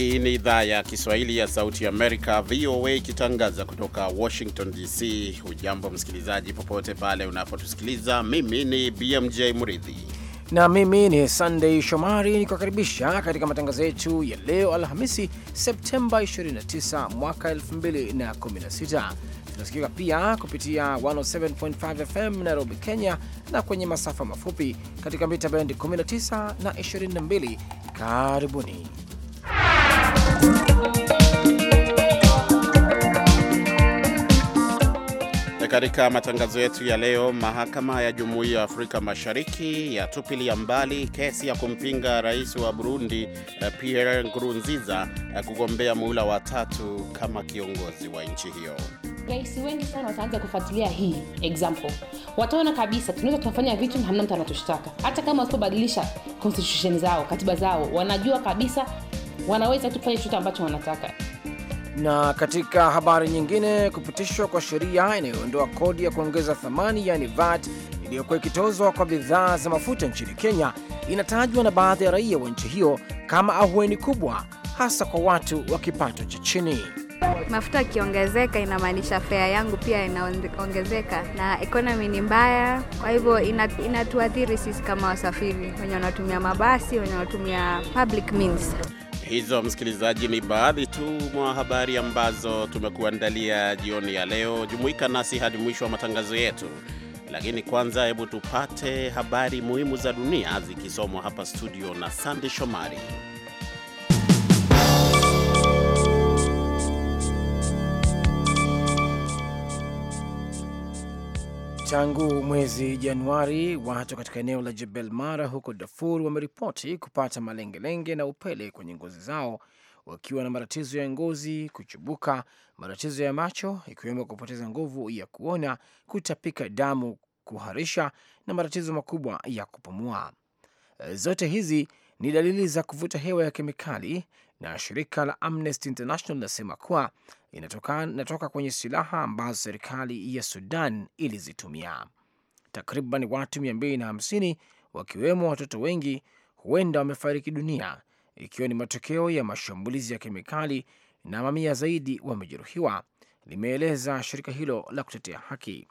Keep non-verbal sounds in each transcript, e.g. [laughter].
Hii ni idhaa ya Kiswahili ya Sauti Amerika, VOA, ikitangaza kutoka Washington DC. Hujambo msikilizaji, popote pale unapotusikiliza. Mimi ni BMJ mridhi na mimi ni sandey Shomari, kuwakaribisha katika matangazo yetu ya leo Alhamisi, Septemba 29 mwaka 2016. Tunasikika pia kupitia 107.5 FM Nairobi, Kenya, na kwenye masafa mafupi katika mita bendi 19 na 22. Karibuni. Katika matangazo yetu ya leo, mahakama ya Jumuiya ya Afrika Mashariki yatupilia mbali kesi ya kumpinga rais wa Burundi eh, Pierre Nkurunziza eh, kugombea muhula wa tatu kama kiongozi wa nchi hiyo. rais wengi sana wataanza kufuatilia hii example, wataona kabisa tunaweza tunafanya vitu, hamna mtu anatushtaka, hata kama wasipobadilisha constitution zao, katiba zao, wanajua kabisa wanaweza tu kufanya chochote ambacho wanataka. Na katika habari nyingine, kupitishwa kwa sheria inayoondoa kodi ya kuongeza thamani yani VAT iliyokuwa ikitozwa kwa bidhaa za mafuta nchini Kenya inatajwa na baadhi ya raia wa nchi hiyo kama ahueni kubwa, hasa kwa watu wa kipato cha chini. Mafuta yakiongezeka, inamaanisha fea yangu pia inaongezeka, na ekonomi ni mbaya. Kwa hivyo inatuathiri sisi kama wasafiri wenye wanatumia mabasi, wenye wanatumia public means. Hizo msikilizaji, ni baadhi tu mwa habari ambazo tumekuandalia jioni ya leo. Jumuika nasi hadi mwisho wa matangazo yetu, lakini kwanza, hebu tupate habari muhimu za dunia zikisomwa hapa studio na Sande Shomari. Tangu mwezi Januari, watu katika eneo la Jebel Mara huko Darfur wameripoti kupata malengelenge na upele kwenye ngozi zao, wakiwa na matatizo ya ngozi kuchubuka, matatizo ya macho ikiwemo kupoteza nguvu ya kuona, kutapika damu, kuharisha na matatizo makubwa ya kupumua. Zote hizi ni dalili za kuvuta hewa ya kemikali, na shirika la Amnesty International linasema kuwa inatoka, inatoka kwenye silaha ambazo serikali ya Sudan ilizitumia. Takriban watu 250 wakiwemo watoto wengi huenda wamefariki dunia ikiwa ni matokeo ya mashambulizi ya kemikali na mamia zaidi wamejeruhiwa, limeeleza shirika hilo la kutetea haki.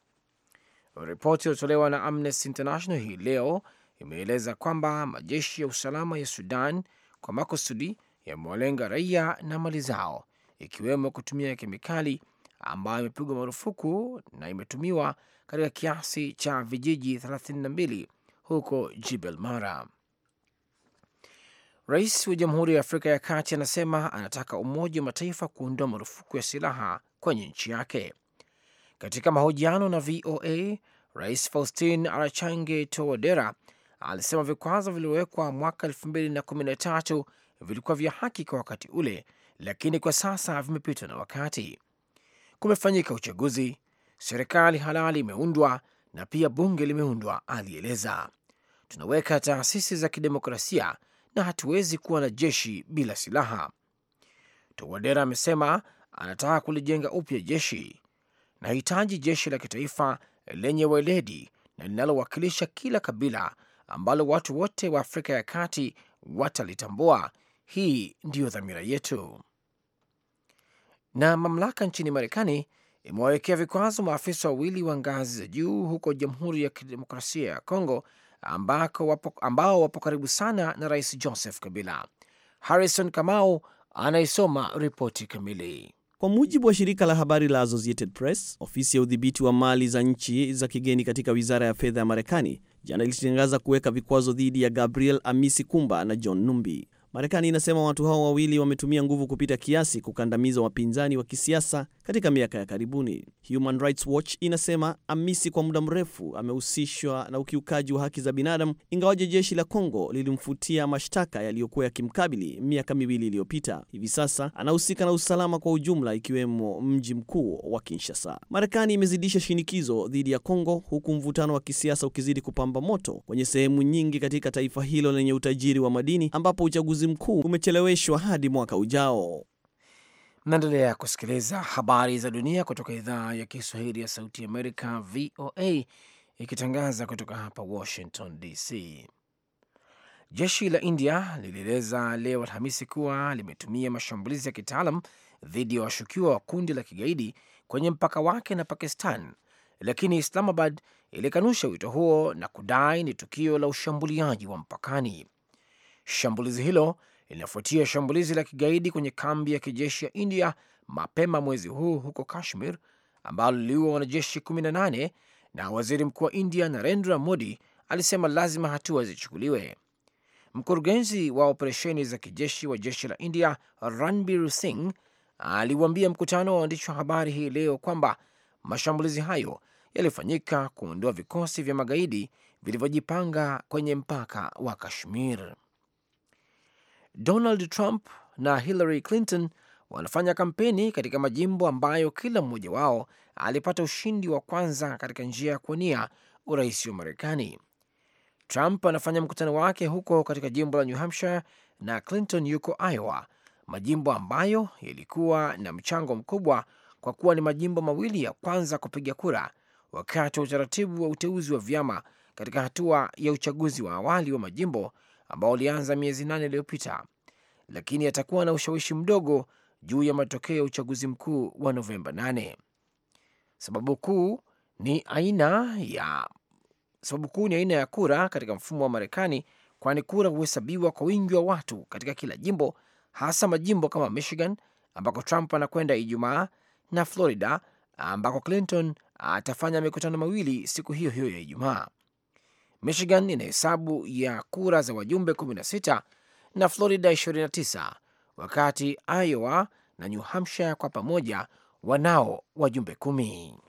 Ripoti iliyotolewa na Amnesty International hii leo imeeleza kwamba majeshi ya usalama ya Sudan kwa makusudi yamewalenga raia na mali zao ikiwemo kutumia kemikali ambayo imepigwa marufuku na imetumiwa katika kiasi cha vijiji 32 huko Jibel Mara. Rais wa Jamhuri ya Afrika ya Kati anasema anataka Umoja wa Mataifa kuondoa marufuku ya silaha kwenye nchi yake. Katika mahojiano na VOA, Rais Faustin Archange Touadera alisema vikwazo vilivyowekwa mwaka 2013 vilikuwa vya haki kwa wakati ule lakini kwa sasa vimepitwa na wakati. Kumefanyika uchaguzi, serikali halali imeundwa na pia bunge limeundwa, alieleza. Tunaweka taasisi za kidemokrasia na hatuwezi kuwa na jeshi bila silaha. Towadera amesema anataka kulijenga upya jeshi. Nahitaji jeshi la kitaifa lenye weledi na linalowakilisha kila kabila ambalo watu wote wa Afrika ya Kati watalitambua. Hii ndiyo dhamira yetu. Na mamlaka nchini Marekani imewawekea vikwazo maafisa wawili wa ngazi za juu huko Jamhuri ya Kidemokrasia ya Kongo wapo, ambao wapo karibu sana na Rais Joseph Kabila. Harrison Kamau anaisoma ripoti kamili. Kwa mujibu wa shirika la habari la Associated Press, ofisi ya udhibiti wa mali za nchi za kigeni katika wizara ya fedha ya Marekani jana ilitangaza kuweka vikwazo dhidi ya Gabriel Amisi Kumba na John Numbi. Marekani inasema watu hao wawili wametumia nguvu kupita kiasi kukandamiza wapinzani wa kisiasa katika miaka ya karibuni. Human Rights Watch inasema Amisi kwa muda mrefu amehusishwa na ukiukaji wa haki za binadamu, ingawaje jeshi la Kongo lilimfutia mashtaka yaliyokuwa yakimkabili miaka miwili iliyopita. Hivi sasa anahusika na usalama kwa ujumla, ikiwemo mji mkuu wa Kinshasa. Marekani imezidisha shinikizo dhidi ya Kongo, huku mvutano wa kisiasa ukizidi kupamba moto kwenye sehemu nyingi katika taifa hilo lenye utajiri wa madini ambapo uchaguzi uchaguzi mkuu umecheleweshwa hadi mwaka ujao. Naendelea kusikiliza habari za dunia kutoka idhaa ya Kiswahili ya Sauti Amerika, VOA, ikitangaza kutoka hapa Washington DC. Jeshi la India lilieleza leo Alhamisi kuwa limetumia mashambulizi ya kitaalam dhidi ya washukiwa wa kundi la kigaidi kwenye mpaka wake na Pakistan, lakini Islamabad ilikanusha wito huo na kudai ni tukio la ushambuliaji wa mpakani. Shambulizi hilo linafuatia shambulizi la kigaidi kwenye kambi ya kijeshi ya India mapema mwezi huu huko Kashmir, ambalo liliua wanajeshi 18 na waziri mkuu wa India Narendra Modi alisema lazima hatua zichukuliwe. Mkurugenzi wa operesheni za kijeshi wa jeshi la India Ranbir Singh aliwaambia mkutano wa waandishi wa habari hii leo kwamba mashambulizi hayo yalifanyika kuondoa vikosi vya magaidi vilivyojipanga kwenye mpaka wa Kashmir. Donald Trump na Hillary Clinton wanafanya kampeni katika majimbo ambayo kila mmoja wao alipata ushindi wa kwanza katika njia ya kuwania urais wa Marekani. Trump anafanya mkutano wake huko katika jimbo la New Hampshire na Clinton yuko Iowa, majimbo ambayo yalikuwa na mchango mkubwa kwa kuwa ni majimbo mawili ya kwanza kupiga kura wakati wa utaratibu wa uteuzi wa vyama katika hatua ya uchaguzi wa awali wa majimbo ambao ulianza miezi nane iliyopita, lakini atakuwa na ushawishi mdogo juu ya matokeo ya uchaguzi mkuu wa Novemba 8. Sababu kuu ni aina ya sababu kuu ni aina ya kura katika mfumo wa Marekani, kwani kura huhesabiwa kwa wingi wa watu katika kila jimbo, hasa majimbo kama Michigan ambako Trump anakwenda Ijumaa na Florida ambako Clinton atafanya mikutano mawili siku hiyo hiyo ya Ijumaa. Michigan ina hesabu ya kura za wajumbe 16 na Florida 29, wakati Iowa na New Hampshire kwa pamoja wanao wajumbe kumi.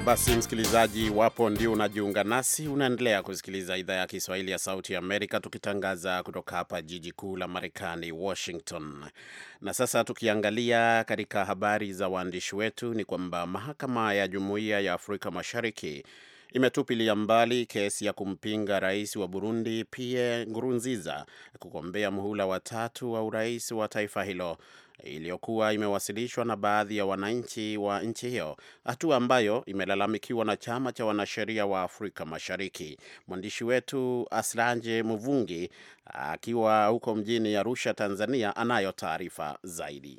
Basi msikilizaji, iwapo ndio unajiunga nasi, unaendelea kusikiliza idhaa ya Kiswahili ya Sauti ya Amerika, tukitangaza kutoka hapa jiji kuu la Marekani, Washington. Na sasa tukiangalia katika habari za waandishi wetu, ni kwamba mahakama ya Jumuiya ya Afrika Mashariki imetupilia mbali kesi ya kumpinga rais wa Burundi Pierre Nkurunziza kugombea muhula wa tatu wa urais wa taifa hilo iliyokuwa imewasilishwa na baadhi ya wananchi wa nchi hiyo, hatua ambayo imelalamikiwa na chama cha wanasheria wa Afrika Mashariki. Mwandishi wetu Aslanje Muvungi akiwa huko mjini Arusha, Tanzania, anayo taarifa zaidi.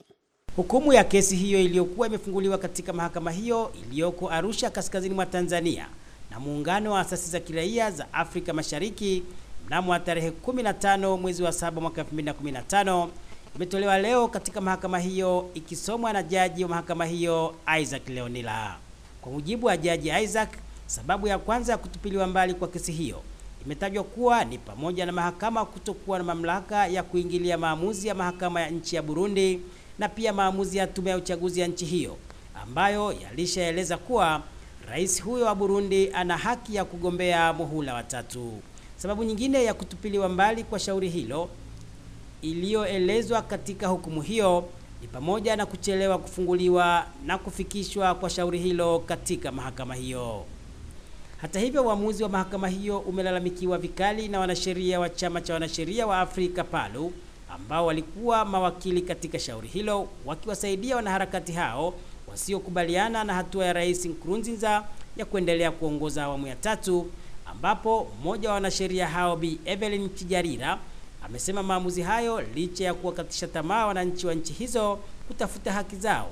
Hukumu ya kesi hiyo iliyokuwa imefunguliwa katika mahakama hiyo iliyoko Arusha, kaskazini mwa Tanzania na muungano wa asasi za kiraia za Afrika Mashariki mnamo wa tarehe 15 mwezi wa 7 mwaka 2015 umetolewa leo katika mahakama hiyo ikisomwa na jaji wa mahakama hiyo Isaac Leonila. Kwa mujibu wa jaji Isaac, sababu ya kwanza ya kutupiliwa mbali kwa kesi hiyo imetajwa kuwa ni pamoja na mahakama kutokuwa na mamlaka ya kuingilia maamuzi ya mahakama ya nchi ya Burundi na pia maamuzi ya tume ya uchaguzi ya nchi hiyo ambayo yalishaeleza kuwa rais huyo wa Burundi ana haki ya kugombea muhula watatu. Sababu nyingine ya kutupiliwa mbali kwa shauri hilo iliyoelezwa katika hukumu hiyo ni pamoja na kuchelewa kufunguliwa na kufikishwa kwa shauri hilo katika mahakama hiyo. Hata hivyo, uamuzi wa mahakama hiyo umelalamikiwa vikali na wanasheria wa chama cha wanasheria wa Afrika PALU ambao walikuwa mawakili katika shauri hilo wakiwasaidia wanaharakati hao wasiokubaliana na hatua ya Rais Nkurunziza ya kuendelea kuongoza awamu ya tatu, ambapo mmoja wa wanasheria hao Bi Evelyn Kijarira Amesema maamuzi hayo licha ya kuwakatisha tamaa wananchi wa nchi hizo kutafuta haki zao,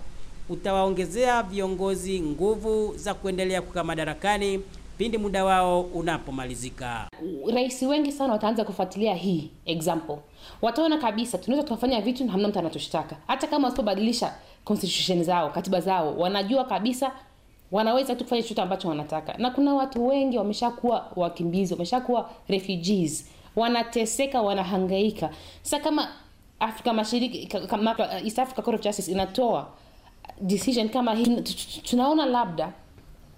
utawaongezea viongozi nguvu za kuendelea kukaa madarakani pindi muda wao unapomalizika. Rais wengi sana wataanza kufuatilia hii example, wataona kabisa tunaweza tukafanya vitu na hamna mtu anatushtaka, hata kama wasipobadilisha constitution zao, katiba zao, wanajua kabisa wanaweza tu kufanya chochote ambacho wanataka, na kuna watu wengi wameshakuwa wakimbizi, wameshakuwa refugees wanateseka, wanahangaika. Sasa kama Afrika Mashariki, East Africa Court of Justice inatoa decision kama hii, tunaona labda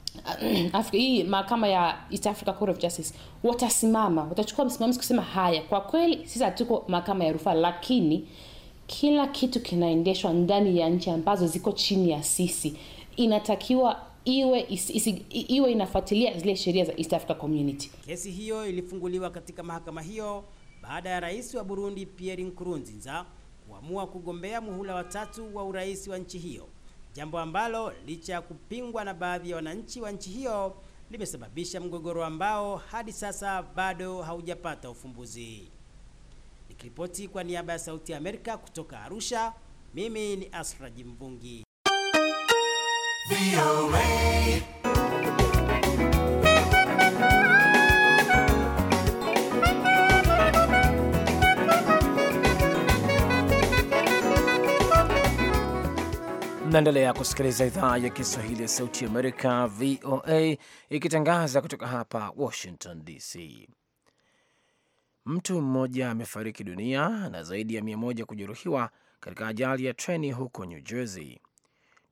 [clears throat] Afrika, hii mahakama ya East Africa Court of Justice watasimama, watachukua msimamizi kusema haya, kwa kweli sisi hatuko mahakama ya rufaa, lakini kila kitu kinaendeshwa ndani ya nchi ambazo ziko chini ya sisi, inatakiwa iwe isi, isi, iwe inafuatilia zile sheria za East Africa Community. Kesi hiyo ilifunguliwa katika mahakama hiyo baada ya rais wa Burundi Pierre Nkurunziza kuamua kugombea muhula watatu wa urais wa nchi hiyo, jambo ambalo licha ya kupingwa na baadhi ya wananchi wa nchi hiyo limesababisha mgogoro ambao hadi sasa bado haujapata ufumbuzi. Nikiripoti kwa niaba ya Sauti ya Amerika kutoka Arusha, mimi ni Asra Jimvungi. Naendelea kusikiliza idhaa ya Kiswahili ya Sauti ya Amerika, VOA, ikitangaza kutoka hapa Washington DC. Mtu mmoja amefariki dunia na zaidi ya mia moja kujeruhiwa katika ajali ya treni huko New Jersey.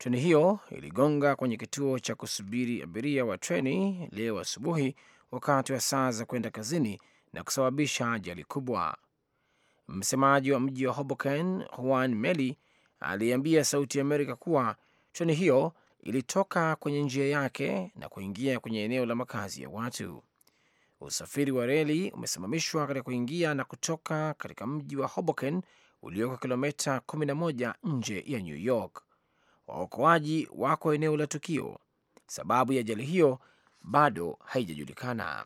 Treni hiyo iligonga kwenye kituo cha kusubiri abiria wa treni leo asubuhi wakati wa saa za kwenda kazini na kusababisha ajali kubwa. Msemaji wa mji wa Hoboken Juan Meli aliambia Sauti ya Amerika kuwa treni hiyo ilitoka kwenye njia yake na kuingia kwenye eneo la makazi ya watu. Usafiri wa reli umesimamishwa katika kuingia na kutoka katika mji wa Hoboken ulioko kilomita 11 nje ya New York. Waokoaji wako eneo la tukio. Sababu ya ajali hiyo bado haijajulikana.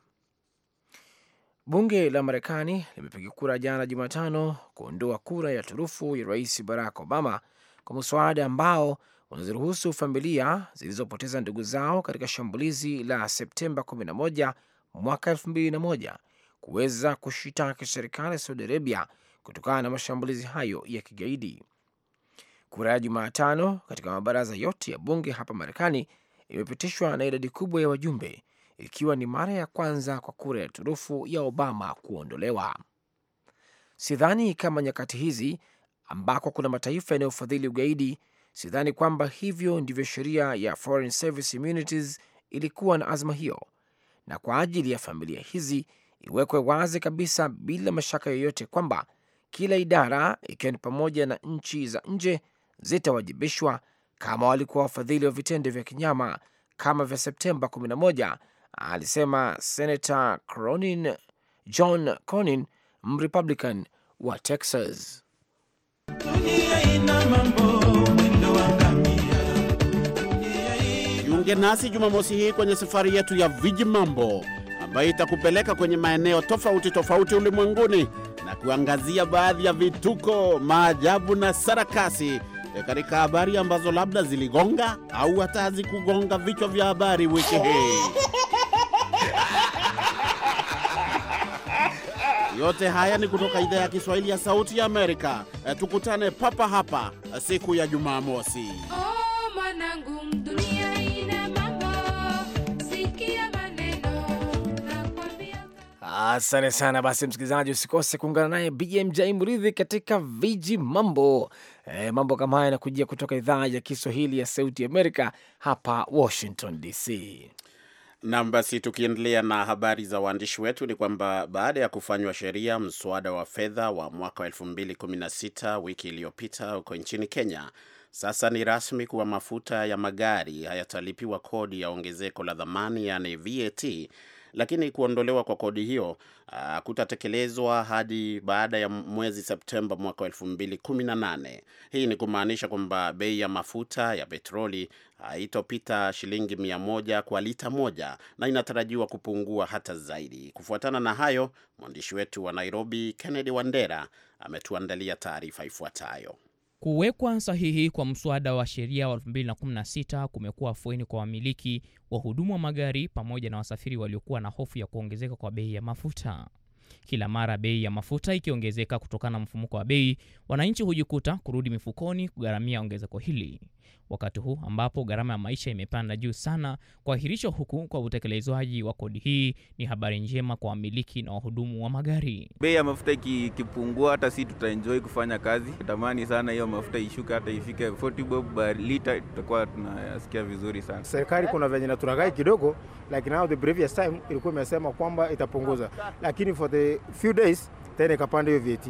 Bunge la Marekani limepiga kura jana Jumatano kuondoa kura ya turufu ya Rais Barack Obama kwa mswada ambao unaziruhusu familia zilizopoteza ndugu zao katika shambulizi la Septemba 11 mwaka 2001 kuweza kushitaki serikali ya Saudi Arabia kutokana na mashambulizi hayo ya kigaidi. Kura ya Jumatano katika mabaraza yote ya bunge hapa Marekani imepitishwa na idadi kubwa ya wajumbe, ikiwa ni mara ya kwanza kwa kura ya turufu ya Obama kuondolewa. Sidhani kama nyakati hizi ambako kuna mataifa yanayofadhili ugaidi, sidhani kwamba hivyo ndivyo sheria ya Foreign Service Immunities ilikuwa na azma hiyo, na kwa ajili ya familia hizi iwekwe wazi kabisa bila mashaka yoyote kwamba kila idara ikiwa ni pamoja na nchi za nje zitawajibishwa kama walikuwa wafadhili wa vitendo vya kinyama kama vya Septemba 11, alisema Senata Cronin, John conin Mrepublican wa Texas. Jiunge nasi Jumamosi hii kwenye safari yetu ya viji mambo ambayo itakupeleka kwenye maeneo tofauti tofauti ulimwenguni na kuangazia baadhi ya vituko, maajabu na sarakasi E, katika habari ambazo labda ziligonga au hata hazikugonga vichwa vya habari wiki hii. Yote haya ni kutoka idhaa ya Kiswahili ya Sauti ya Amerika. E, tukutane papa hapa siku ya Jumamosi. Oh, Asante sana. Basi msikilizaji, usikose kuungana naye BMJ Mridhi katika viji mambo. E, mambo kama haya yanakujia kutoka idhaa ya Kiswahili ya Sauti Amerika hapa Washington DC. Nam, basi tukiendelea na habari za waandishi wetu ni kwamba baada ya kufanywa sheria mswada wa fedha wa mwaka wa 2016 wiki iliyopita huko nchini Kenya, sasa ni rasmi kuwa mafuta ya magari hayatalipiwa kodi ya ongezeko la dhamani, yaani VAT lakini kuondolewa kwa kodi hiyo ah, kutatekelezwa hadi baada ya mwezi Septemba mwaka nane. Hii ni kumaanisha kwamba bei ya mafuta ya petroli haitopita shilingi mia moja kwa lita moja na inatarajiwa kupungua hata zaidi. Kufuatana na hayo, mwandishi wetu wa Nairobi Kennedy Wandera ametuandalia taarifa ifuatayo. Kuwekwa sahihi kwa mswada wa sheria wa 2016 kumekuwa afueni kwa wamiliki, wahudumu wa magari pamoja na wasafiri waliokuwa na hofu ya kuongezeka kwa bei ya mafuta. Kila mara bei ya mafuta ikiongezeka kutokana na mfumuko wa bei, wananchi hujikuta kurudi mifukoni kugharamia ongezeko hili wakati huu ambapo gharama ya maisha imepanda juu sana. Kuahirisho huku kwa utekelezwaji wa kodi hii ni habari njema kwa wamiliki na wahudumu wa magari. Bei ya mafuta ikipungua, hata si tutaenjoy kufanya kazi. Natamani sana hiyo mafuta ishuke, hata ifike 40 bob per liter, tutakuwa tunasikia vizuri sana. Serikali kuna venye na tunagai kidogo, lakini now the previous time ilikuwa imesema kwamba itapunguza, lakini for the few days tena ikapanda hiyo VAT,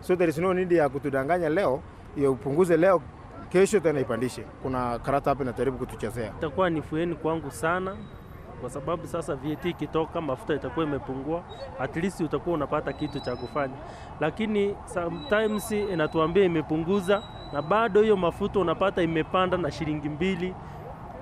so there is no need ya kutudanganya leo, ya upunguze leo kesho tena ipandishe. Kuna karata hapa inajaribu kutuchezea. Itakuwa ni fueni kwangu sana, kwa sababu sasa VAT ikitoka mafuta itakuwa imepungua, at least utakuwa unapata kitu cha kufanya, lakini sometimes inatuambia imepunguza na bado hiyo mafuta unapata imepanda na shilingi mbili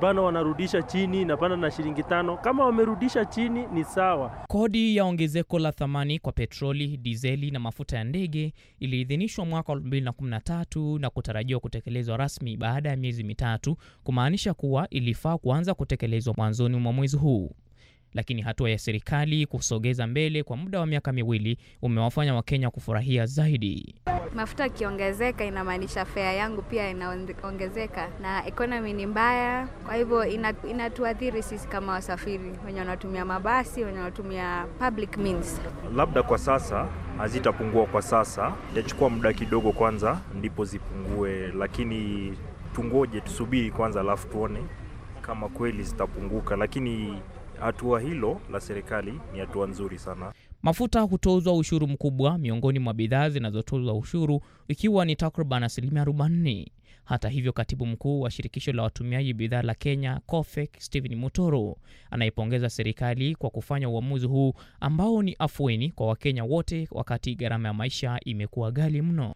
bana wanarudisha chini na bana na shilingi tano. Kama wamerudisha chini ni sawa. Kodi ya ongezeko la thamani kwa petroli, dizeli na mafuta ya ndege iliidhinishwa mwaka 2013 na kutarajiwa kutekelezwa rasmi baada ya miezi mitatu, kumaanisha kuwa ilifaa kuanza kutekelezwa mwanzoni mwa mwezi huu lakini hatua ya serikali kusogeza mbele kwa muda wa miaka miwili umewafanya Wakenya kufurahia zaidi. Mafuta akiongezeka inamaanisha fea yangu pia inaongezeka, na ekonomi ni mbaya, kwa hivyo inatuathiri sisi kama wasafiri wenye wanatumia mabasi, wenye wanatumia public means. Labda kwa sasa hazitapungua, kwa sasa yachukua muda kidogo kwanza ndipo zipungue, lakini tungoje, tusubiri kwanza, alafu tuone kama kweli zitapunguka, lakini hatua hilo la serikali ni hatua nzuri sana. Mafuta hutozwa ushuru mkubwa miongoni mwa bidhaa zinazotozwa ushuru ikiwa ni takriban asilimia 40. Hata hivyo, katibu mkuu wa shirikisho la watumiaji bidhaa la Kenya COFEK, stehen Mutoro, anaipongeza serikali kwa kufanya uamuzi huu ambao ni afueni kwa Wakenya wote wakati gharama ya maisha imekuwa ghali mno.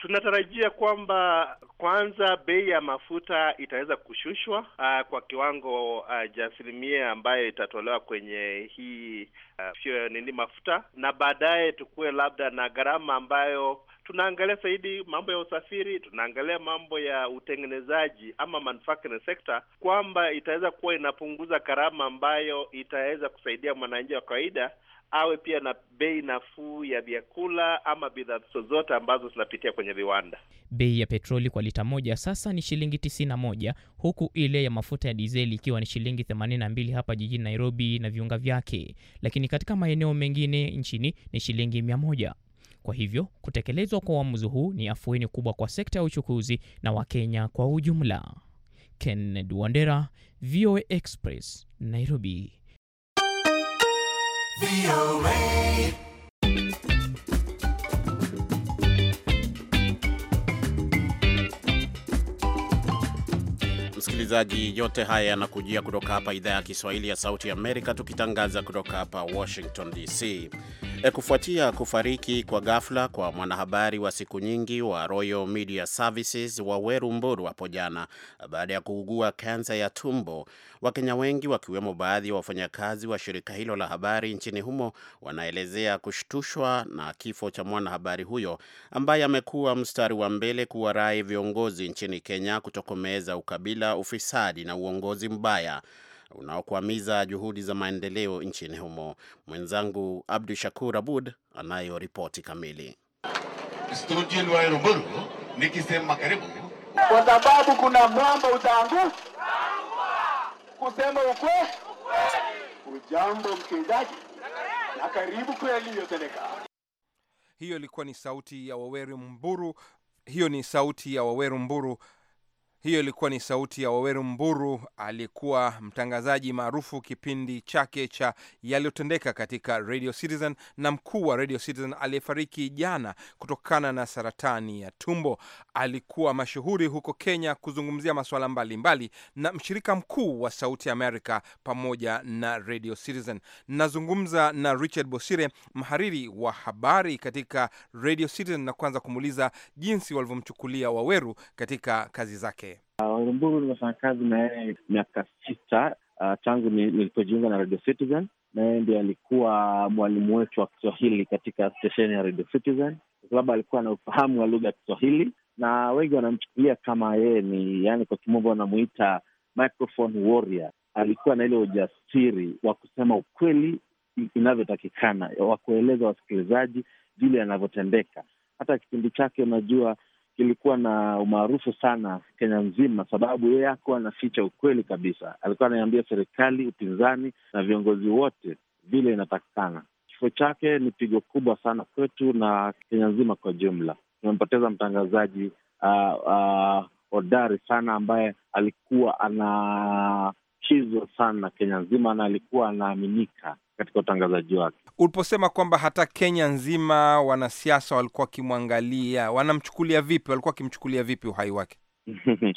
Tunatarajia kwamba kwanza bei ya mafuta itaweza kushushwa uh, kwa kiwango uh, cha asilimia ambayo itatolewa kwenye hii uh, nini mafuta, na baadaye tukuwe labda na gharama ambayo tunaangalia zaidi mambo ya usafiri, tunaangalia mambo ya utengenezaji ama manufacturing sector, kwamba itaweza kuwa inapunguza gharama ambayo itaweza kusaidia mwananchi wa kawaida awe pia na bei nafuu ya vyakula ama bidhaa zozote ambazo zinapitia kwenye viwanda. Bei ya petroli kwa lita moja sasa ni shilingi 91, moja huku ile ya mafuta ya dizeli ikiwa ni shilingi 82 na mbili hapa jijini Nairobi na viunga vyake, lakini katika maeneo mengine nchini ni shilingi 100. Kwa hivyo kutekelezwa kwa uamuzi huu ni afueni kubwa kwa sekta ya uchukuzi na Wakenya kwa ujumla. Kenneth Wandera, VOA Express, Nairobi. Msikilizaji, yote haya yanakujia kutoka hapa idhaa ya Kiswahili ya Sauti ya Amerika, tukitangaza kutoka hapa Washington DC. E, kufuatia kufariki kwa ghafla kwa mwanahabari wa siku nyingi wa Royal Media Services Weru Mburu hapo jana baada ya kuugua kansa ya tumbo, Wakenya wengi wakiwemo baadhi ya wafanyakazi wa shirika hilo la habari nchini humo wanaelezea kushtushwa na kifo cha mwanahabari huyo ambaye amekuwa mstari wa mbele kuwarai viongozi nchini Kenya kutokomeza ukabila, ufisadi na uongozi mbaya unaokwamiza juhudi za maendeleo nchini humo. Mwenzangu Abdu Shakur Abud anayo ripoti kamili. Nikisema karibu, kwa sababu kuna mwamba utangu Kusema ukwe. ujambo msikilizaji, na karibu kweli yoteleka. Hiyo ilikuwa ni sauti ya Waweru Mburu. Hiyo ni sauti ya Waweru Mburu hiyo ilikuwa ni sauti ya Waweru Mburu, alikuwa mtangazaji maarufu kipindi chake cha yaliyotendeka katika Radio Citizen na mkuu wa Radio Citizen aliyefariki jana kutokana na saratani ya tumbo. Alikuwa mashuhuri huko Kenya kuzungumzia masuala mbalimbali na mshirika mkuu wa Sauti Amerika pamoja na Radio Citizen. Nazungumza na Richard Bosire, mhariri wa habari katika Radio Citizen, na kuanza kumuuliza jinsi walivyomchukulia Waweru katika kazi zake. Ah, Walamburu nimefanya kazi na yeye miaka sita uh, tangu nilipojiunga na Radio Citizen, na yeye ndiye alikuwa mwalimu wetu wa Kiswahili katika stesheni ya Radio Citizen, kwa sababu alikuwa na ufahamu wa lugha ya Kiswahili, na wengi wanamchukulia kama yeye ni yani, kwa kimombo wanamuita microphone warrior. Alikuwa na ile ujasiri wa kusema ukweli inavyotakikana, wa kueleza wasikilizaji vile anavyotendeka. Hata kipindi chake unajua ilikuwa na umaarufu sana Kenya nzima, sababu yeye hakuwa anaficha ukweli kabisa. Alikuwa anaiambia serikali, upinzani na viongozi wote vile inatakikana. Kifo chake ni pigo kubwa sana kwetu na Kenya nzima kwa jumla. Tumempoteza mtangazaji hodari uh, uh, sana ambaye alikuwa ana alichezwa sana Kenya nzima na alikuwa anaaminika katika utangazaji wake. Uliposema kwamba hata Kenya nzima wanasiasa walikuwa wakimwangalia, wanamchukulia vipi? Walikuwa wakimchukulia vipi uhai wake? [laughs]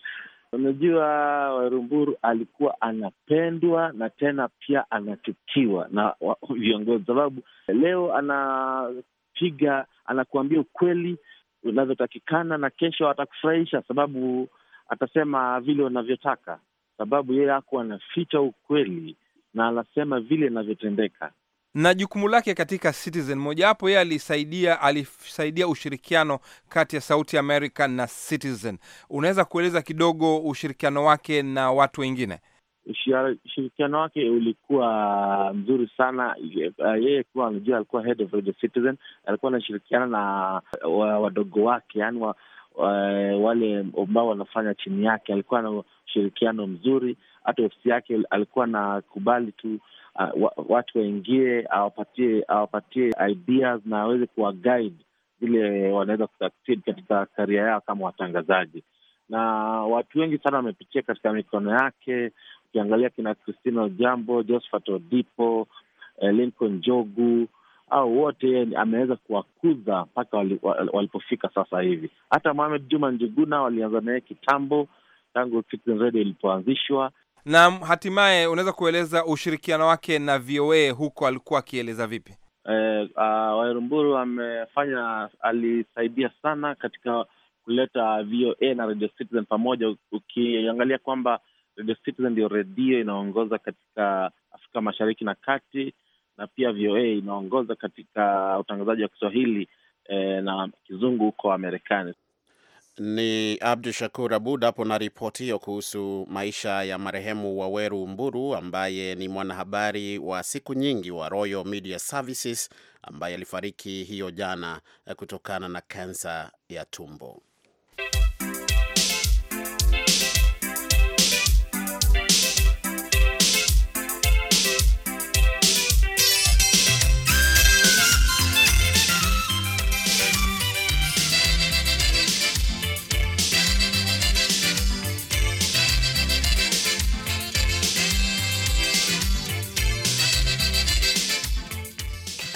Unajua, Warumburu alikuwa anapendwa na tena pia anachukiwa na viongozi, sababu leo anapiga, anakuambia ukweli unavyotakikana, na kesho atakufurahisha, sababu atasema vile unavyotaka sababu yeye ako anaficha ukweli na anasema vile inavyotendeka na jukumu lake katika Citizen. Mojawapo yeye alisaidia alisaidia ushirikiano kati ya Sauti America na Citizen. Unaweza kueleza kidogo ushirikiano wake na watu wengine? Ushirikiano wake ulikuwa mzuri sana. Yeye kuwa anajua, alikuwa head of Radio Citizen, alikuwa anashirikiana na wadogo wake, yani wa, uh, wale ambao wanafanya chini yake. Alikuwa na ushirikiano mzuri, hata ofisi yake alikuwa kubali tu uh, watu waingie, awapatie awapatie ideas na aweze guide vile wanaweza kusucceed katika karia yao kama watangazaji, na watu wengi sana wamepitia katika mikono yake. Ukiangalia kina Christina Ojambo, Josphat Odipo, eh, Lincoln Jogu au wote ameweza kuwakuza mpaka walipofika sasa hivi. Hata Mohamed Juma Njuguna walianza naye kitambo tangu Citizen Radio ilipoanzishwa. Na hatimaye unaweza kueleza ushirikiano wake na VOA huko, alikuwa akieleza vipi? Eh, uh, ah, Waerumburu amefanya alisaidia sana katika kuleta VOA na Radio Citizen pamoja. Ukiangalia kwamba Radio Citizen ndio redio inaongoza katika Afrika Mashariki na Kati, na pia VOA inaongoza katika utangazaji wa Kiswahili eh, na kizungu huko Marekani. Ni Abdu Shakur Abud hapo na ripoti hiyo kuhusu maisha ya marehemu Waweru Mburu ambaye ni mwanahabari wa siku nyingi wa Royal Media Services ambaye alifariki hiyo jana eh, kutokana na kansa ya tumbo.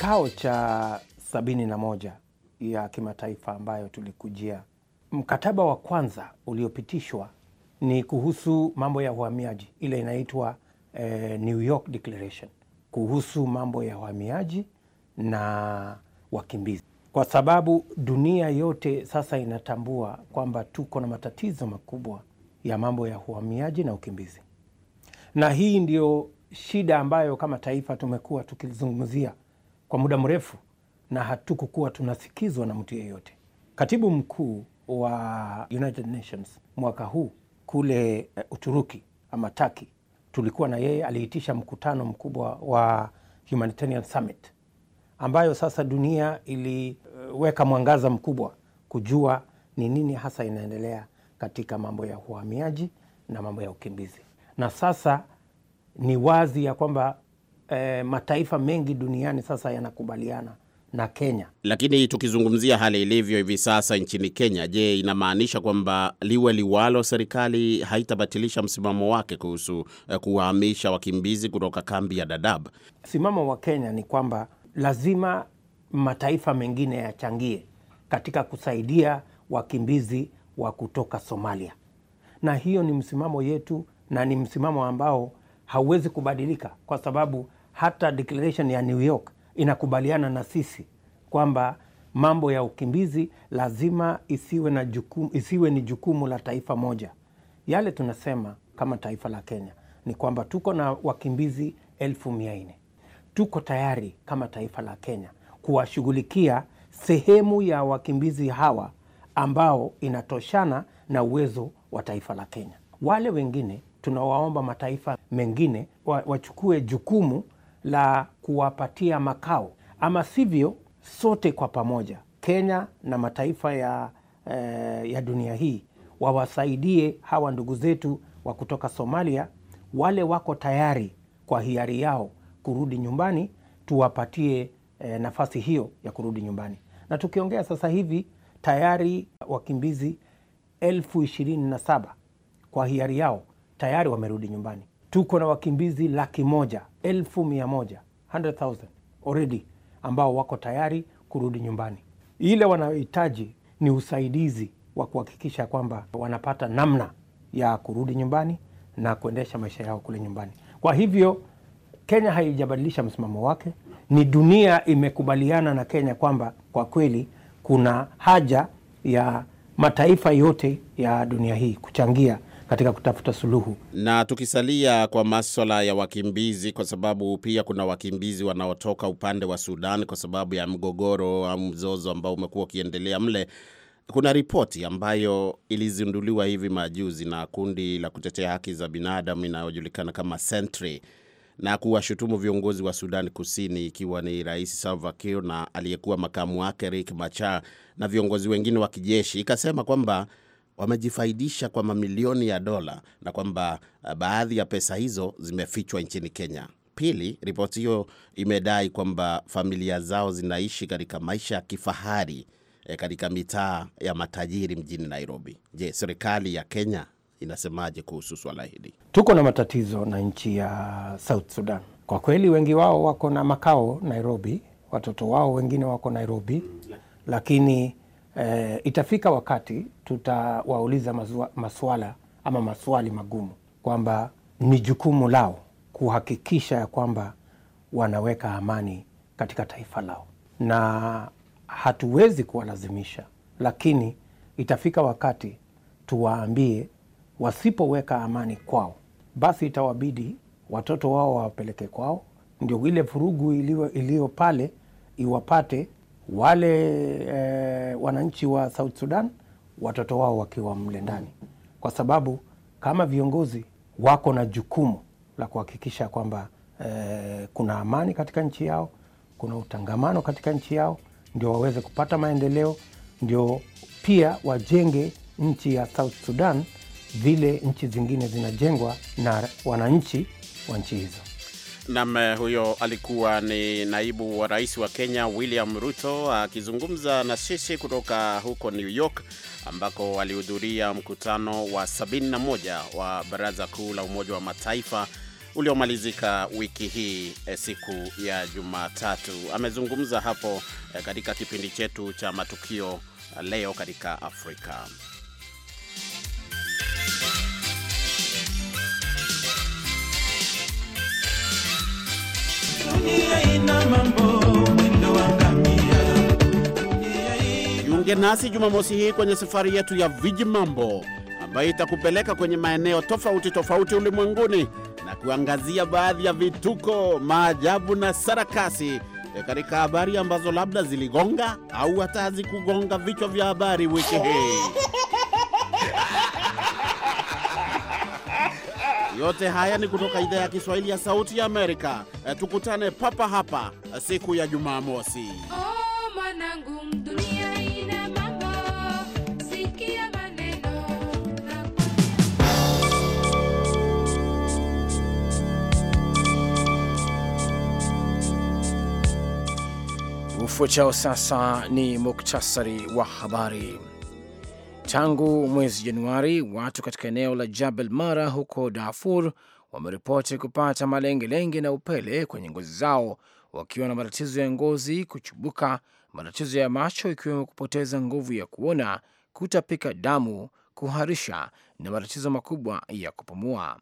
Kikao cha sabini na moja ya kimataifa ambayo tulikujia, mkataba wa kwanza uliopitishwa ni kuhusu mambo ya uhamiaji, ile inaitwa eh, New York Declaration kuhusu mambo ya uhamiaji na wakimbizi, kwa sababu dunia yote sasa inatambua kwamba tuko na matatizo makubwa ya mambo ya uhamiaji na ukimbizi, na hii ndio shida ambayo kama taifa tumekuwa tukizungumzia kwa muda mrefu na hatukukuwa tunasikizwa na mtu yeyote. Katibu mkuu wa United Nations mwaka huu kule eh, Uturuki ama Taki, tulikuwa na yeye, aliitisha mkutano mkubwa wa Humanitarian Summit ambayo sasa dunia iliweka eh, mwangaza mkubwa kujua ni nini hasa inaendelea katika mambo ya uhamiaji na mambo ya ukimbizi, na sasa ni wazi ya kwamba e, mataifa mengi duniani sasa yanakubaliana na Kenya. Lakini tukizungumzia hali ilivyo hivi sasa nchini Kenya, je, inamaanisha kwamba liwe liwalo, serikali haitabatilisha msimamo wake kuhusu eh, kuwahamisha wakimbizi kutoka kambi ya Dadaab? Msimamo wa Kenya ni kwamba lazima mataifa mengine yachangie katika kusaidia wakimbizi wa kutoka Somalia, na hiyo ni msimamo yetu na ni msimamo ambao hauwezi kubadilika kwa sababu hata declaration ya New York inakubaliana na sisi kwamba mambo ya ukimbizi lazima isiwe, na jukumu, isiwe ni jukumu la taifa moja. Yale tunasema kama taifa la Kenya ni kwamba tuko na wakimbizi elfu mia nne tuko tayari kama taifa la Kenya kuwashughulikia sehemu ya wakimbizi hawa ambao inatoshana na uwezo wa taifa la Kenya. Wale wengine tunawaomba mataifa mengine wachukue jukumu la kuwapatia makao, ama sivyo sote kwa pamoja Kenya na mataifa ya, eh, ya dunia hii wawasaidie hawa ndugu zetu wa kutoka Somalia wale wako tayari kwa hiari yao kurudi nyumbani, tuwapatie eh, nafasi hiyo ya kurudi nyumbani. Na tukiongea sasa hivi tayari wakimbizi elfu ishirini na saba kwa hiari yao tayari wamerudi nyumbani tuko na wakimbizi laki moja elfu mia moja 100,000 already ambao wako tayari kurudi nyumbani. Ile wanayohitaji ni usaidizi wa kuhakikisha kwamba wanapata namna ya kurudi nyumbani na kuendesha maisha yao kule nyumbani. Kwa hivyo Kenya haijabadilisha msimamo wake, ni dunia imekubaliana na Kenya kwamba kwa kweli kuna haja ya mataifa yote ya dunia hii kuchangia katika kutafuta suluhu. Na tukisalia kwa maswala ya wakimbizi, kwa sababu pia kuna wakimbizi wanaotoka upande wa Sudan kwa sababu ya mgogoro au mzozo ambao umekuwa ukiendelea mle. Kuna ripoti ambayo ilizinduliwa hivi majuzi na kundi la kutetea haki za binadamu inayojulikana kama Sentry na kuwashutumu viongozi wa sudani Kusini ikiwa ni Rais Salva Kiir na aliyekuwa makamu wake Riek Machar na viongozi wengine wa kijeshi, ikasema kwamba wamejifaidisha kwa mamilioni ya dola na kwamba eh, baadhi ya pesa hizo zimefichwa nchini Kenya. Pili, ripoti hiyo imedai kwamba familia zao zinaishi katika maisha ya kifahari e, katika mitaa ya matajiri mjini Nairobi. Je, serikali ya Kenya inasemaje kuhusu swala hili? Tuko na matatizo na nchi ya South Sudan. Kwa kweli, wengi wao wako na makao Nairobi, watoto wao wengine wako Nairobi, lakini eh, itafika wakati tutawauliza maswala ama maswali magumu kwamba ni jukumu lao kuhakikisha ya kwamba wanaweka amani katika taifa lao, na hatuwezi kuwalazimisha, lakini itafika wakati tuwaambie wasipoweka amani kwao, basi itawabidi watoto wao wawapeleke kwao, ndio ile vurugu iliyo pale iwapate wale e, wananchi wa South Sudan watoto wao wakiwa mle ndani, kwa sababu kama viongozi wako na jukumu la kuhakikisha kwamba e, kuna amani katika nchi yao, kuna utangamano katika nchi yao, ndio waweze kupata maendeleo, ndio pia wajenge nchi ya South Sudan vile nchi zingine zinajengwa na wananchi wa nchi hizo. Nam, eh, huyo alikuwa ni naibu wa rais wa Kenya William Ruto akizungumza na sisi kutoka huko New York ambako alihudhuria mkutano wa 71 wa Baraza Kuu la Umoja wa Mataifa uliomalizika wiki hii eh, siku ya Jumatatu. Amezungumza hapo eh, katika kipindi chetu cha matukio leo katika Afrika. Jiunge nasi Jumamosi hii kwenye safari yetu ya Vijimambo ambayo itakupeleka kwenye maeneo tofauti tofauti ulimwenguni na kuangazia baadhi ya vituko, maajabu na sarakasi eh, katika habari ambazo labda ziligonga au hata hazikugonga vichwa vya habari wiki hii. Yote haya ni kutoka idhaa ya Kiswahili ya Sauti ya Amerika. Eh, tukutane papa hapa eh, siku ya Jumamosi. mosi Kifo chao sasa. Ni muktasari wa habari. Tangu mwezi Januari, watu katika eneo la Jabal Mara huko Darfur wameripoti kupata malengelenge na upele kwenye ngozi zao, wakiwa na matatizo ya ngozi kuchubuka, matatizo ya macho ikiwemo kupoteza nguvu ya kuona, kutapika damu, kuharisha na matatizo makubwa ya kupumua.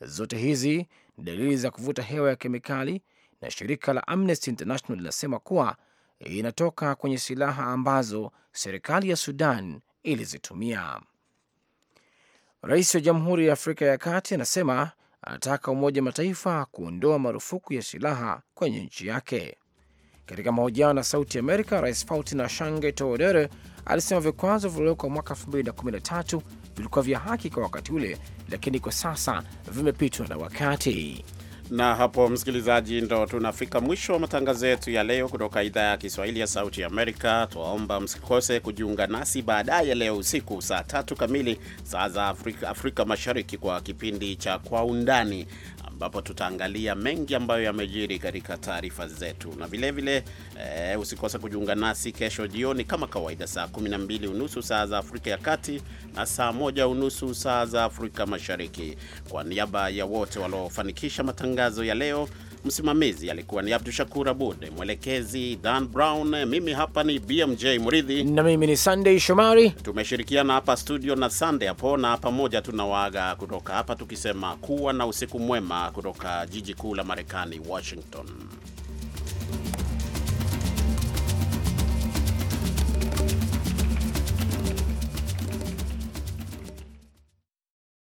Zote hizi ni dalili za kuvuta hewa ya kemikali, na shirika la Amnesty International linasema kuwa inatoka kwenye silaha ambazo serikali ya Sudan ilizitumia. Rais wa Jamhuri ya Afrika ya Kati anasema anataka Umoja Mataifa kuondoa marufuku ya silaha kwenye nchi yake. Katika mahojiano na Sauti Amerika, Rais Faustin Archange Touadera alisema vikwazo vilivyowekwa mwaka 2013 vilikuwa vya haki kwa wakati ule, lakini kwa sasa vimepitwa na wakati. Na hapo msikilizaji, ndo tunafika mwisho wa matangazo yetu ya leo kutoka idhaa ya Kiswahili ya Sauti Amerika. Twaomba msikose kujiunga nasi baadaye leo usiku saa tatu kamili saa za Afrika, Afrika Mashariki kwa kipindi cha Kwa Undani ambapo tutaangalia mengi ambayo yamejiri katika taarifa zetu, na vilevile vile, e, usikose kujiunga nasi kesho jioni kama kawaida saa 12 unusu saa za Afrika ya Kati na saa moja unusu saa za Afrika Mashariki. Kwa niaba ya wote waliofanikisha matangazo ya leo Msimamizi alikuwa ni Abdu Shakur Abud, mwelekezi Dan Brown, mimi hapa ni BMJ mridhi na mimi ni sandey Shomari. Tumeshirikiana hapa studio na sandey hapo, na pamoja tunawaaga kutoka hapa tukisema kuwa na usiku mwema kutoka jiji kuu la Marekani, Washington.